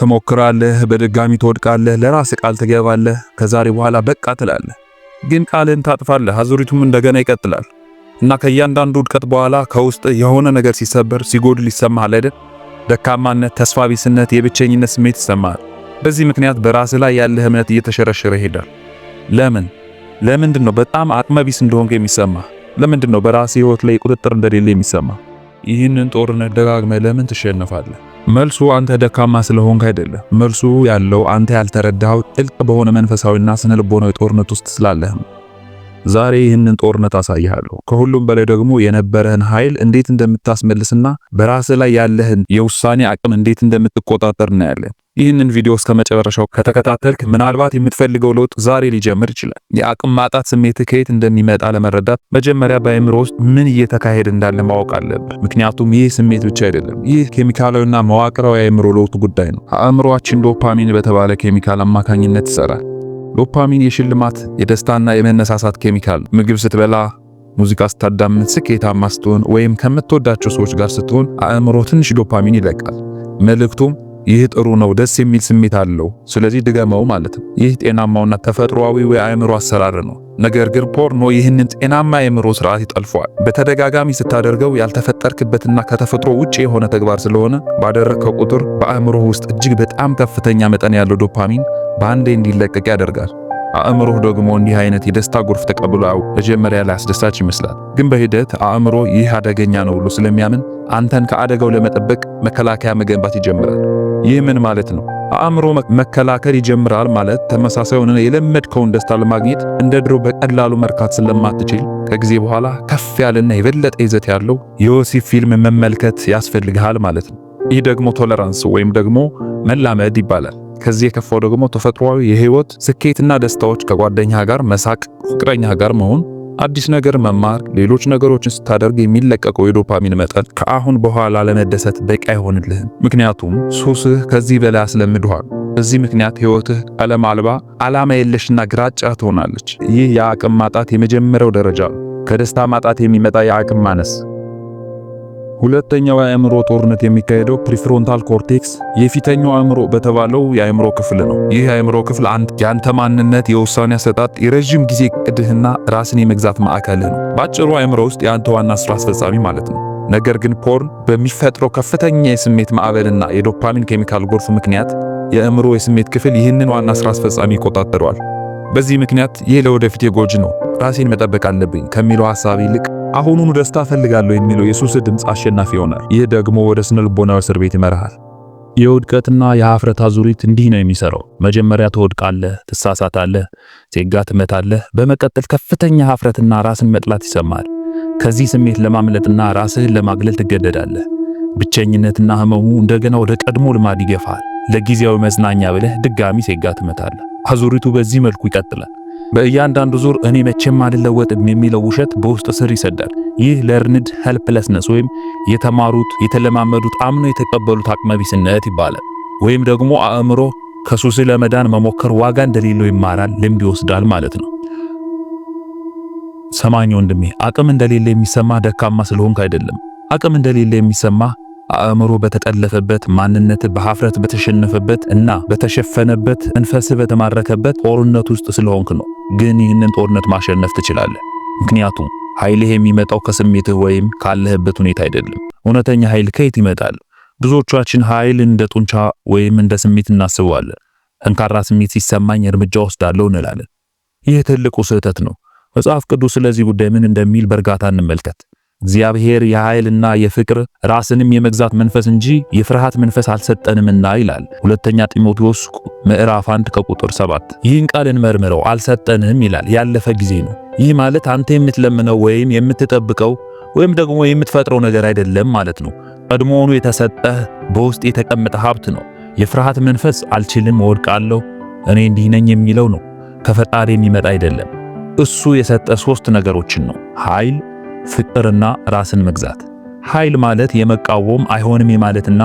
ትሞክራለህ፣ በድጋሚ ትወድቃለህ፣ ለራስ ቃል ትገባለህ፣ ከዛሬ በኋላ በቃ ትላለህ። ግን ቃልን ታጥፋለህ። አዙሪቱም እንደገና ይቀጥላል እና ከእያንዳንዱ ውድቀት በኋላ ከውስጥ የሆነ ነገር ሲሰበር፣ ሲጎድል ይሰማሃል አይደል? ደካማነት፣ ተስፋ ቢስነት፣ የብቸኝነት ስሜት ይሰማሃል። በዚህ ምክንያት በራስ ላይ ያለህ እምነት እየተሸረሸረ ይሄዳል። ለምን ለምንድን ነው በጣም አቅመቢስ እንደሆንክ የሚሰማ? ለምንድን ነው በራስ ህይወት ላይ ቁጥጥር እንደሌለ የሚሰማ? ይህንን ጦርነት ደጋግመህ ለምን ትሸነፋለህ? መልሱ አንተ ደካማ ስለሆንክ አይደለም። መልሱ ያለው አንተ ያልተረዳኸው ጥልቅ በሆነ መንፈሳዊና ስነ ልቦናዊ ጦርነት ውስጥ ስላለህ ነው። ዛሬ ይህንን ጦርነት አሳይሃለሁ። ከሁሉም በላይ ደግሞ የነበረህን ኃይል እንዴት እንደምታስመልስና በራስ ላይ ያለህን የውሳኔ አቅም እንዴት እንደምትቆጣጠር እናያለን። ይህንን ቪዲዮ እስከ መጨረሻው ከተከታተልክ ምናልባት የምትፈልገው ለውጥ ዛሬ ሊጀምር ይችላል። የአቅም ማጣት ስሜት ከየት እንደሚመጣ ለመረዳት መጀመሪያ በአእምሮ ውስጥ ምን እየተካሄደ እንዳለ ማወቅ አለብህ። ምክንያቱም ይህ ስሜት ብቻ አይደለም፣ ይህ ኬሚካላዊና መዋቅራዊ የአእምሮ ለውጥ ጉዳይ ነው። አእምሮአችን ዶፓሚን በተባለ ኬሚካል አማካኝነት ይሰራል። ዶፓሚን የሽልማት የደስታና የመነሳሳት ኬሚካል። ምግብ ስትበላ፣ ሙዚቃ ስታዳምጥ፣ ስኬታማ ስትሆን ወይም ከምትወዳቸው ሰዎች ጋር ስትሆን አእምሮ ትንሽ ዶፓሚን ይለቃል። መልእክቱም ይህ ጥሩ ነው፣ ደስ የሚል ስሜት አለው፣ ስለዚህ ድገመው ማለት ነው። ይህ ጤናማውና ተፈጥሯዊው የአእምሮ አሰራር ነው። ነገር ግን ፖርኖ ይህንን ጤናማ የአእምሮ ስርዓት ይጠልፈዋል። በተደጋጋሚ ስታደርገው ያልተፈጠርክበትና ከተፈጥሮ ውጭ የሆነ ተግባር ስለሆነ ባደረግከው ቁጥር በአእምሮ ውስጥ እጅግ በጣም ከፍተኛ መጠን ያለው ዶፓሚን በአንዴ እንዲለቀቅ ያደርጋል። አእምሮህ ደግሞ እንዲህ አይነት የደስታ ጎርፍ ተቀብሎ መጀመሪያ ላይ አስደሳች ይመስላል፣ ግን በሂደት አእምሮ ይህ አደገኛ ነው ብሎ ስለሚያምን አንተን ከአደጋው ለመጠበቅ መከላከያ መገንባት ይጀምራል። ይህ ምን ማለት ነው? አእምሮ መከላከል ይጀምራል ማለት ተመሳሳዩን የለመድከውን ደስታ ለማግኘት እንደ ድሮ በቀላሉ መርካት ስለማትችል ከጊዜ በኋላ ከፍ ያለና የበለጠ ይዘት ያለው የወሲብ ፊልም መመልከት ያስፈልግሃል ማለት ነው። ይህ ደግሞ ቶለራንስ ወይም ደግሞ መላመድ ይባላል። ከዚህ የከፋው ደግሞ ተፈጥሯዊ የህይወት ስኬትና ደስታዎች ከጓደኛ ጋር መሳቅ፣ ፍቅረኛ ጋር መሆን አዲስ ነገር መማር፣ ሌሎች ነገሮችን ስታደርግ የሚለቀቀው የዶፓሚን መጠን ከአሁን በኋላ ለመደሰት በቂ አይሆንልህም። ምክንያቱም ሱስህ ከዚህ በላይ አስለምድኋል። በዚህ ምክንያት ህይወትህ ቀለም አልባ፣ ዓላማ የለሽና ግራጫ ትሆናለች። ይህ የአቅም ማጣት የመጀመሪያው ደረጃ ነው። ከደስታ ማጣት የሚመጣ የአቅም ማነስ ሁለተኛው የአእምሮ ጦርነት የሚካሄደው ፕሪፍሮንታል ኮርቴክስ የፊተኛው አእምሮ በተባለው የአእምሮ ክፍል ነው። ይህ የአእምሮ ክፍል አንድ የአንተ ማንነት፣ የውሳኔ አሰጣጥ፣ የረዥም ጊዜ ቅድህና ራስን የመግዛት ማዕከልህ ነው። በአጭሩ አእምሮ ውስጥ የአንተ ዋና ስራ አስፈጻሚ ማለት ነው። ነገር ግን ፖርን በሚፈጥረው ከፍተኛ የስሜት ማዕበልና የዶፓሚን ኬሚካል ጎርፍ ምክንያት የአእምሮ የስሜት ክፍል ይህንን ዋና ስራ አስፈጻሚ ይቆጣጠረዋል። በዚህ ምክንያት ይህ ለወደፊት የጎጅ ነው ራሴን መጠበቅ አለብኝ ከሚለው ሐሳብ ይልቅ አሁኑኑ ደስታ ፈልጋለሁ የሚለው የሱስ ድምፅ አሸናፊ ይሆናል። ይህ ደግሞ ወደ ስነልቦናዊ እስር ቤት ይመራሃል። የውድቀትና የሀፍረት አዙሪት እንዲህ ነው የሚሰራው። መጀመሪያ ትወድቃለህ፣ ትሳሳታለህ፣ ዜጋ ትመታለህ። በመቀጠል ከፍተኛ ሀፍረትና ራስን መጥላት ይሰማል። ከዚህ ስሜት ለማምለጥና ራስህን ለማግለል ትገደዳለህ። ብቸኝነትና ህመሙ እንደገና ወደ ቀድሞ ልማድ ይገፋል። ለጊዜያዊ መዝናኛ ብለህ ድጋሚ ዜጋ ትመታለህ። አዙሪቱ በዚህ መልኩ ይቀጥላል። በእያንዳንዱ ዙር እኔ መቼም አልለወጥም የሚለው ውሸት በውስጥ ስር ይሰዳል። ይህ ለርንድ ሄልፕለስነስ ወይም የተማሩት የተለማመዱት አምኖ የተቀበሉት አቅመቢስነት ይባላል። ወይም ደግሞ አእምሮ ከሱስ ለመዳን መሞከር ዋጋ እንደሌለው ይማራል፣ ልምድ ይወስዳል ማለት ነው። ሰማኝ ወንድሜ፣ አቅም እንደሌለ የሚሰማ ደካማ ስለሆንክ አይደለም። አቅም እንደሌለ የሚሰማ አእምሮ በተጠለፈበት ማንነት በሀፍረት በተሸነፈበት እና በተሸፈነበት መንፈስ በተማረከበት ጦርነት ውስጥ ስለሆንክ ነው። ግን ይህንን ጦርነት ማሸነፍ ትችላለህ። ምክንያቱም ኃይልህ የሚመጣው ከስሜትህ ወይም ካለህበት ሁኔታ አይደለም። እውነተኛ ኃይል ከየት ይመጣል? ብዙዎቻችን ኃይል እንደ ጡንቻ ወይም እንደ ስሜት እናስበዋለን። ጠንካራ ስሜት ሲሰማኝ እርምጃ ወስዳለሁ እንላለን። ይህ ትልቁ ስህተት ነው። መጽሐፍ ቅዱስ ስለዚህ ጉዳይ ምን እንደሚል በእርጋታ እንመልከት። እግዚአብሔር የኃይልና የፍቅር ራስንም የመግዛት መንፈስ እንጂ የፍርሃት መንፈስ አልሰጠንምና ይላል ሁለተኛ ጢሞቴዎስ ምዕራፍ 1 ከቁጥር 7። ይህን ቃል እንመርምረው። አልሰጠንም ይላል ያለፈ ጊዜ ነው። ይህ ማለት አንተ የምትለምነው ወይም የምትጠብቀው ወይም ደግሞ የምትፈጥረው ነገር አይደለም ማለት ነው። ቀድሞውኑ የተሰጠህ በውስጥ የተቀመጠ ሀብት ነው። የፍርሃት መንፈስ አልችልም፣ እወድቃለሁ፣ እኔ እንዲህ ነኝ የሚለው ነው። ከፈጣሪ የሚመጣ አይደለም። እሱ የሰጠ ሶስት ነገሮችን ነው ኃይል ፍቅርና ራስን መግዛት። ኃይል ማለት የመቃወም አይሆንም የማለትና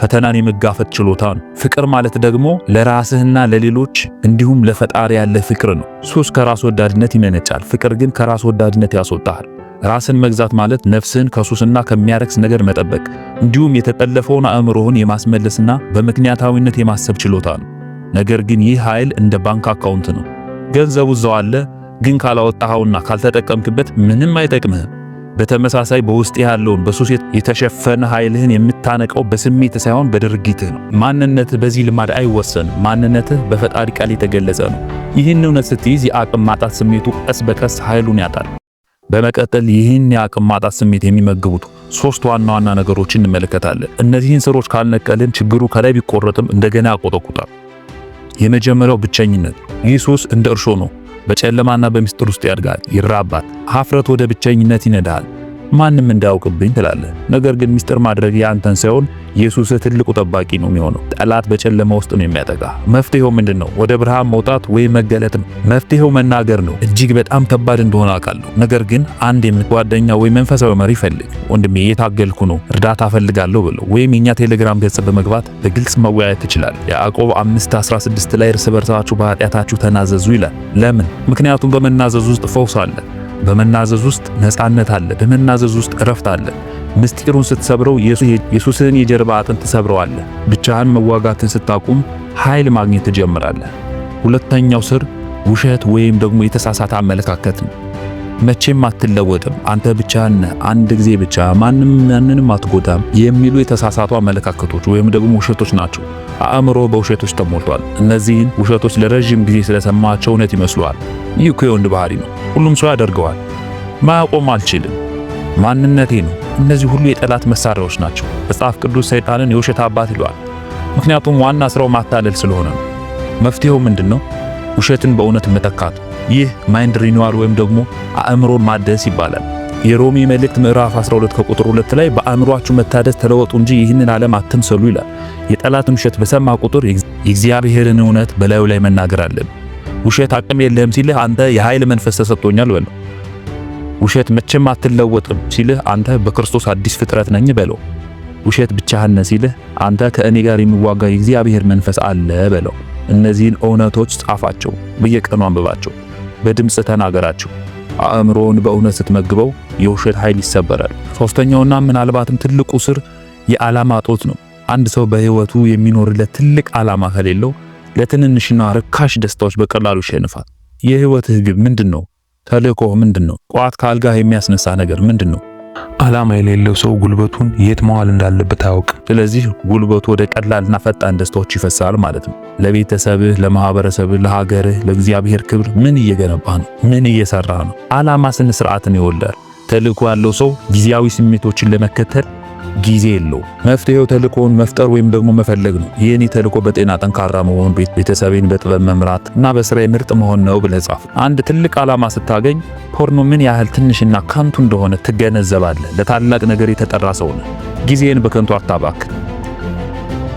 ፈተናን የመጋፈጥ ችሎታ ነው። ፍቅር ማለት ደግሞ ለራስህና ለሌሎች እንዲሁም ለፈጣሪ ያለ ፍቅር ነው። ሱስ ከራስ ወዳድነት ይመነጫል። ፍቅር ግን ከራስ ወዳድነት ያስወጣሃል። ራስን መግዛት ማለት ነፍስህን ከሱስና ከሚያረክስ ነገር መጠበቅ እንዲሁም የተጠለፈውን አእምሮህን የማስመለስና በምክንያታዊነት የማሰብ ችሎታ ነው። ነገር ግን ይህ ኃይል እንደ ባንክ አካውንት ነው። ገንዘቡ እዛው አለ፣ ግን ካላወጣኸውና ካልተጠቀምክበት ምንም አይጠቅምህም። በተመሳሳይ በውስጥ ያለውን በሱስ የተሸፈነ ኃይልህን የምታነቀው በስሜት ሳይሆን በድርጊትህ ነው። ማንነትህ በዚህ ልማድ አይወሰንም። ማንነትህ በፈጣሪ ቃል የተገለጸ ነው። ይህን እውነት ስትይዝ የአቅም ማጣት ስሜቱ ቀስ በቀስ ኃይሉን ያጣል። በመቀጠል ይህን የአቅም ማጣት ስሜት የሚመግቡት ሶስት ዋና ዋና ነገሮችን እንመለከታለን። እነዚህን ስሮች ካልነቀልን ችግሩ ከላይ ቢቆረጥም እንደገና ያቆጠቁጣል። የመጀመሪያው ብቸኝነት። ይህ ሱስ እንደ እርሾ ነው። በጨለማና በምስጢር ውስጥ ያድጋል፣ ይራባል። ሀፍረት ወደ ብቸኝነት ይነዳል፣ ማንም እንዳያውቅብኝ ትላለ። ነገር ግን ሚስጥር ማድረግ ያንተን ሳይሆን ኢየሱስ ትልቁ ጠባቂ ነው የሚሆነው። ጠላት በጨለማ ውስጥ ነው የሚያጠቃ። መፍትሄው ምንድን ነው? ወደ ብርሃን መውጣት ወይም መገለጥ ነው። መፍትሄው መናገር ነው። እጅግ በጣም ከባድ እንደሆነ አውቃለሁ። ነገር ግን አንድ የምትጓደኛ ወይም መንፈሳዊ መሪ ፈልግ። ወንድሜ እየታገልኩ ነው፣ እርዳታ ፈልጋለሁ ብለው ወይም የኛ ቴሌግራም ገጽ በመግባት በግልጽ መወያየት ትችላለህ። ያዕቆብ 5:16 ላይ እርስ በርሳችሁ በኃጢአታችሁ ተናዘዙ ይላል። ለምን? ምክንያቱም በመናዘዙ ውስጥ ፈውስ አለ። በመናዘዝ ውስጥ ነፃነት አለ። በመናዘዝ ውስጥ እረፍት አለ። ምስጢሩን ስትሰብረው የሱስህን የጀርባ አጥንት ትሰብረዋለህ። ብቻህን መዋጋትን ስታቁም ኃይል ማግኘት ትጀምራለህ። ሁለተኛው ስር ውሸት ወይም ደግሞ የተሳሳተ አመለካከት ነው። መቼም አትለወጥም፣ አንተ ብቻህን ነህ፣ አንድ ጊዜ ብቻ፣ ማንም ማንንም አትጎዳም የሚሉ የተሳሳቱ አመለካከቶች ወይም ደግሞ ውሸቶች ናቸው። አእምሮ በውሸቶች ተሞልቷል። እነዚህን ውሸቶች ለረዥም ጊዜ ስለሰማቸው እውነት ይመስሏል። ይህ እኮ የወንድ ባህሪ ነው። ሁሉም ሰው ያደርገዋል። ማቆም አልችልም። ማንነቴ ነው። እነዚህ ሁሉ የጠላት መሳሪያዎች ናቸው። መጽሐፍ ቅዱስ ሰይጣንን የውሸት አባት ይለዋል። ምክንያቱም ዋና ስራው ማታለል ስለሆነ ነው። መፍትሄው ምንድን ነው? ውሸትን በእውነት መተካት። ይህ ማይንድ ሪኒዋል ወይም ደግሞ አእምሮን ማደስ ይባላል። የሮሚ መልእክት ምዕራፍ 12 ከቁጥር 2 ላይ በአእምሮአችሁ መታደስ ተለወጡ እንጂ ይህንን ዓለም አትምሰሉ ይላል። የጠላትን ውሸት በሰማ ቁጥር የእግዚአብሔርን እውነት በላዩ ላይ መናገር አለብን። ውሸት አቅም የለህም ሲልህ አንተ የኃይል መንፈስ ተሰጥቶኛል በለው። ውሸት መቼም አትለወጥም ሲልህ አንተ በክርስቶስ አዲስ ፍጥረት ነኝ በለው። ውሸት ብቻህን ሲልህ አንተ ከእኔ ጋር የሚዋጋ የእግዚአብሔር መንፈስ አለ በለው። እነዚህን እውነቶች ጻፋቸው፣ በየቀኑ አንብባቸው፣ በድምፅ ተናገራቸው። አእምሮውን በእውነት ስትመግበው የውሸት ኃይል ይሰበራል። ሶስተኛውና ምናልባትም ትልቁ ስር የዓላማ ጦት ነው። አንድ ሰው በህይወቱ የሚኖርለት ትልቅ ዓላማ ከሌለው ለትንንሽና ርካሽ ደስታዎች በቀላሉ ይሸንፋል። የህይወትህ ግብ ምንድን ነው? ተልእኮ ምንድን ነው? ቋት ከአልጋህ የሚያስነሳ ነገር ምንድን ነው? ዓላማ የሌለው ሰው ጉልበቱን የት መዋል እንዳለበት አያውቅም። ስለዚህ ጉልበቱ ወደ ቀላልና ፈጣን ደስታዎች ይፈሳል ማለት ነው። ለቤተሰብህ፣ ለማህበረሰብህ፣ ለሀገርህ፣ ለእግዚአብሔር ክብር ምን እየገነባ ነው? ምን እየሰራ ነው? ዓላማ ስነ ስርዓትን ይወልዳል። ተልእኮ ያለው ሰው ጊዜያዊ ስሜቶችን ለመከተል ጊዜ የለው። መፍትሄው ተልእኮውን መፍጠር ወይም ደግሞ መፈለግ ነው። ይህን ተልእኮ በጤና ጠንካራ መሆን፣ ቤተሰቤን በጥበብ መምራት እና በስራ ምርጥ መሆን ነው ብለህ ጻፍ። አንድ ትልቅ ዓላማ ስታገኝ ፖርኖ ምን ያህል ትንሽና ከንቱ እንደሆነ ትገነዘባለህ። ለታላቅ ነገር የተጠራ ሰው ነህ። ጊዜን በከንቱ አታባክ።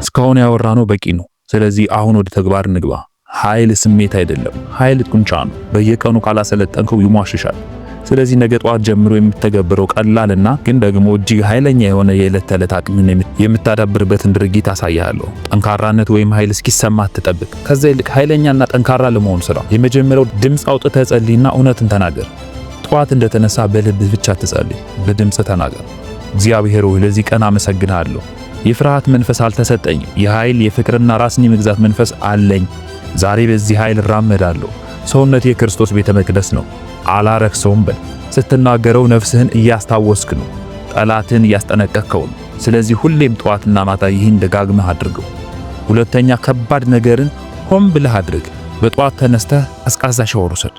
እስካሁን ያወራነው በቂ ነው። ስለዚህ አሁን ወደ ተግባር እንግባ። ኃይል ስሜት አይደለም፣ ኃይል ጡንቻ ነው። በየቀኑ ካላሰለጠንከው ይሟሽሻል። ስለዚህ ነገ ጠዋት ጀምሮ የምተገብረው ቀላልና ግን ደግሞ እጅግ ኃይለኛ የሆነ የዕለት ተዕለት አቅምን የምታዳብርበትን ድርጊት አሳያለሁ። ጠንካራነት ወይም ኃይል እስኪሰማ አትጠብቅ። ከዛ ይልቅ ኃይለኛና ጠንካራ ለመሆን ስራ። የመጀመሪያው ድምፅ አውጥተህ ጸልይና እውነትን ተናገር። ጠዋት እንደተነሳ በልብ ብቻ ትጸልይ፣ በድምፅ ተናገር። እግዚአብሔር ሆይ ለዚህ ቀን አመሰግናለሁ። የፍርሃት መንፈስ አልተሰጠኝም። የኃይል የፍቅርና ራስን የመግዛት መንፈስ አለኝ። ዛሬ በዚህ ኃይል እራመዳለሁ። ሰውነት የክርስቶስ ቤተ መቅደስ ነው። አላረክሰውም በል። ስትናገረው ነፍስህን እያስታወስክ ነው፣ ጠላትን እያስጠነቀቅከው ነው። ስለዚህ ሁሌም ጠዋትና ማታ ይህን ደጋግመህ አድርገው። ሁለተኛ ከባድ ነገርን ሆን ብለህ አድርግ። በጠዋት ተነስተህ ቀዝቃዛ ሻወር ውሰድ።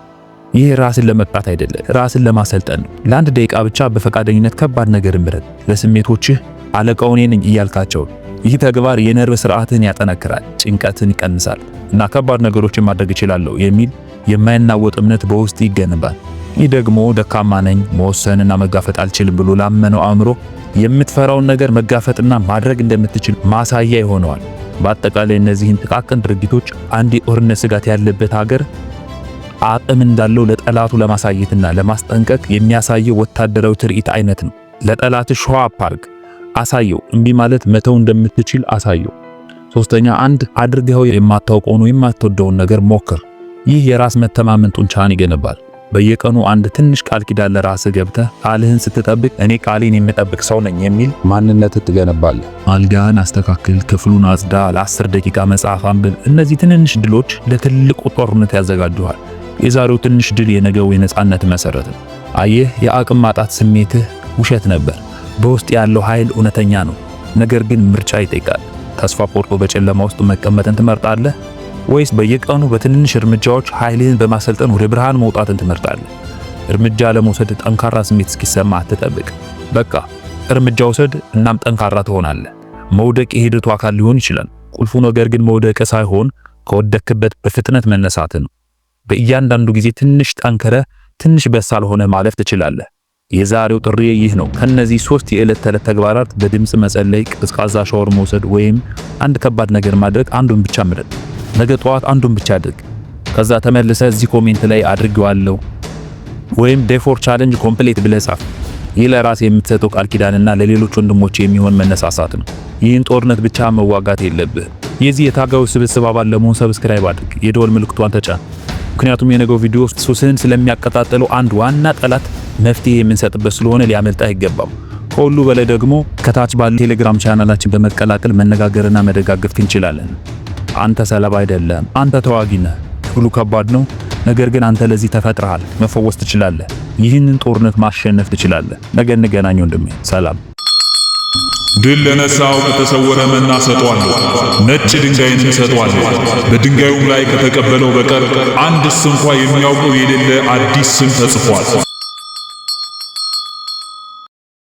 ይህ ራስን ለመቅጣት አይደለም፣ ራስን ለማሰልጠን ነው። ለአንድ ደቂቃ ብቻ በፈቃደኝነት ከባድ ነገርን ምረጥ። ለስሜቶችህ አለቃው እኔ ነኝ እያልካቸው። ይህ ተግባር የነርቭ ስርዓትን ያጠነክራል፣ ጭንቀትን ይቀንሳል እና ከባድ ነገሮችን ማድረግ እችላለሁ የሚል የማይናወጥ እምነት በውስጥ ይገነባል። ይህ ደግሞ ደካማ ነኝ፣ መወሰንና መጋፈጥ አልችልም ብሎ ላመነው አእምሮ የምትፈራውን ነገር መጋፈጥና ማድረግ እንደምትችል ማሳያ ይሆነዋል። በአጠቃላይ እነዚህን ጥቃቅን ድርጊቶች አንድ የጦርነት ስጋት ያለበት ሀገር አቅም እንዳለው ለጠላቱ ለማሳየትና ለማስጠንቀቅ የሚያሳየው ወታደራዊ ትርኢት አይነት ነው። ለጠላት ሸዋ ፓርክ አሳየው፣ እምቢ ማለት መተው እንደምትችል አሳየው። ሶስተኛ አንድ አድርገው የማታውቀውን ወይም የማትወደውን ነገር ሞክር። ይህ የራስ መተማመን ጡንቻን ይገነባል። በየቀኑ አንድ ትንሽ ቃል ኪዳን ለራስህ ገብተህ ቃልህን ስትጠብቅ እኔ ቃሌን የምጠብቅ ሰው ነኝ የሚል ማንነትህ ትገነባለህ። አልጋህን አስተካክል፣ ክፍሉን አጽዳ፣ ለአስር ደቂቃ መጽሐፍ አንብብ። እነዚህ ትንንሽ ድሎች ለትልቁ ጦርነት ያዘጋጁሃል። የዛሬው ትንሽ ድል የነገው የነጻነት መሰረት ነው። አየህ፣ የአቅም ማጣት ስሜትህ ውሸት ነበር። በውስጥ ያለው ኃይል እውነተኛ ነው፣ ነገር ግን ምርጫ ይጠይቃል። ተስፋ ቆርጦ በጨለማ ውስጥ መቀመጥን ትመርጣለህ? ወይስ በየቀኑ በትንንሽ እርምጃዎች ኃይልን በማሰልጠን ወደ ብርሃን መውጣትን ትመርጣለህ? እርምጃ ለመውሰድ ጠንካራ ስሜት እስኪሰማ አትጠብቅ። በቃ እርምጃ ውሰድ፣ እናም ጠንካራ ትሆናለህ። መውደቅ የሂደቱ አካል ሊሆን ይችላል። ቁልፉ ነገር ግን መውደቅ ሳይሆን ከወደክበት በፍጥነት መነሳት ነው። በእያንዳንዱ ጊዜ ትንሽ ጠንከረ፣ ትንሽ በሳል ሆነ ማለፍ ትችላለህ። የዛሬው ጥሪ ይህ ነው። ከነዚህ ሶስት የዕለት ተዕለት ተግባራት በድምፅ መጸለይ፣ ቀዝቃዛ ሻወር መውሰድ ወይም አንድ ከባድ ነገር ማድረግ አንዱን ብቻ ምረጥ። ነገ ጠዋት አንዱን ብቻ አድርግ። ከዛ ተመልሰ እዚህ ኮሜንት ላይ አድርጌዋለሁ ወይም ዴፎር ቻሌንጅ ኮምፕሌት ብለህ ጻፍ። ይህ ለራስ የምትሰጠው ቃል ኪዳንና ለሌሎች ወንድሞች የሚሆን መነሳሳት ነው። ይህን ጦርነት ብቻ መዋጋት የለብህ። የዚህ የታጋዮች ስብስብ አባል ለመሆን ሰብስክራይብ አድርግ፣ የደወል ምልክቷን ተጫን። ምክንያቱም የነገው ቪዲዮ ውስጥ ሱስህን ስለሚያቀጣጥለው አንድ ዋና ጠላት መፍትሄ የምንሰጥበት ስለሆነ ሊያመልጥ አይገባም። ከሁሉ በላይ ደግሞ ከታች ባለው ቴሌግራም ቻናላችን በመቀላቀል መነጋገርና መደጋገፍ እንችላለን። አንተ ሰለባ አይደለም፣ አንተ ተዋጊ ነህ። ሁሉ ከባድ ነው፣ ነገር ግን አንተ ለዚህ ተፈጥረሃል። መፈወስ ትችላለህ። ይህንን ጦርነት ማሸነፍ ትችላለህ። ነገ እንገናኝ ወንድሜ። ሰላም። ድል ለነሳው ከተሰወረ መና ሰጠዋለሁ፣ ነጭ ድንጋይን ሰጠዋለሁ። በድንጋዩም ላይ ከተቀበለው በቀር አንድ ስም እንኳ የሚያውቀው የሌለ አዲስ ስም ተጽፏል።